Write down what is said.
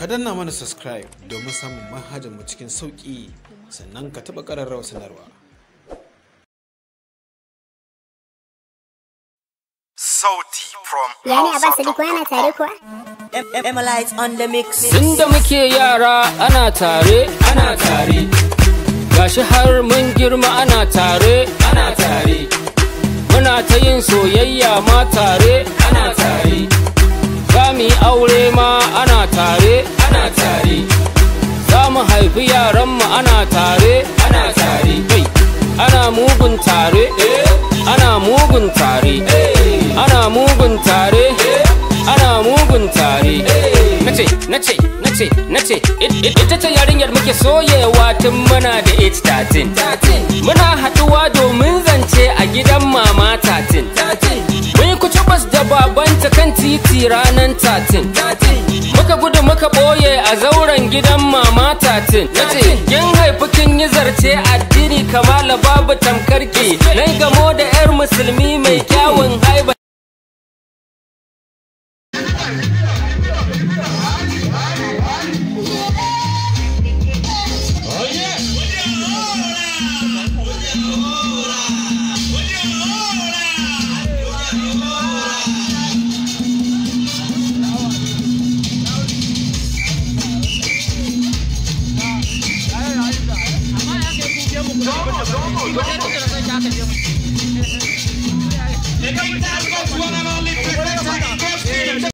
ka danna mana subscribe domin samun manhajar mu cikin sauƙi sannan ka taɓa ƙararrawa sanarwa sauti from yani abbas sadiq tare kuwa on the mix tunda muke yara ana tare ana tare gashi har mun girma ana tare ana tare muna ta yin soyayya ma tare ana tare za mu yi aure ma ana mu haifi yaranmu ana tare ana tare kai ana mugun tare ana mugun tare ana mugun tare ana mugun tare nace nace nace nace ita ce yarinyar muke soyewa tun muna da age tatin muna haduwa domin zance a gidan mama tatin mun kuci bas da babanta kan titi ranan tatin muka gudu muka ɓoye a zauren gidan mama tatin na ce yin haifi kin yi zarce addini kamala babu tamkarki na gamo da 'yar musulmi mai Yo quiero que lo